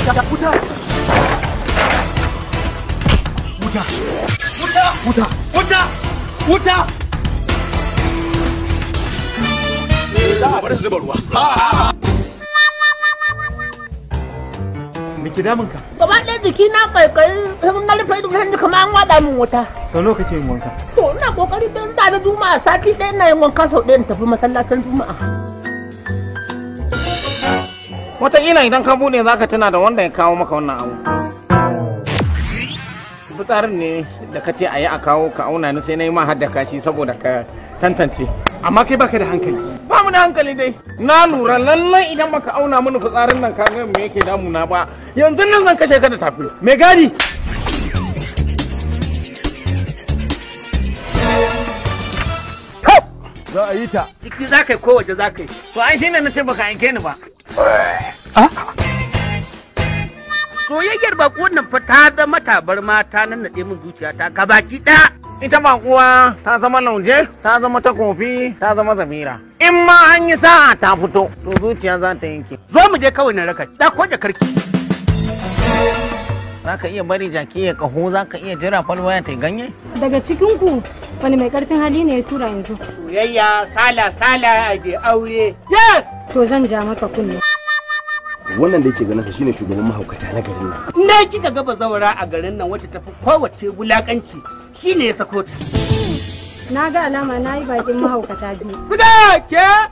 wuta wuta wuta wuta wuta wuta wuta bari zuba ruwa Me damun ka? Gaba ɗaya jiki na kaikayi sun na rufe ido sun kama an waɗa min wuta. Sau nawa kake wanka? To ina kokari don da na juma'a sati ɗaya na yin wanka sau ɗaya na tafi masallacin juma'a. wataƙila idan ka buɗe za ka tuna da wanda ya kawo maka wannan abu fitsarin ne da ka ce a yi a kawo ka auna ni sai na yi ma kashi shi saboda ka tantance amma kai baka da hankali ba mu da hankali dai na lura lallai idan baka auna mini fitsarin nan ka ga me yake damuna ba yanzu nan zan kashe ka da tafi me gadi za a yi ta ciki za ka yi ko waje za ka yi to an shine na ce baka yanke ni ba Ah. soyayyar bakuwan nan fa ta zama mata nan naɗe min zuciyata ga baki ɗaya. Ita bakuwa ta zama lauje, ta zama takofi, ta zama zamira. In ma an yi sa'a ta fito, to zuciya za ta yanke. Zo mu je kawai na raka, ta ko karki. Za ka iya bari jaki ya kaho, za ka iya jira falwaya ta ganye? Daga cikin ku, wani mai karfin hali ne ya tura yanzu. Soyayya, sala, sala, a aje aure. Yes! To zan ja maka kunne. wannan da yake ganin sa shine shugaban mahaukata na garin nan na kika ga bazawara a garin nan wacce tafi kowace wulakanci shine ya sako ta na ga alama na bakin mahaukata biyu kuda ke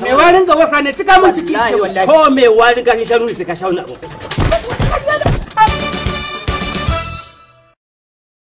me warin gaba ka ne cika mun ciki ko me warin gashi sharu ne sai ka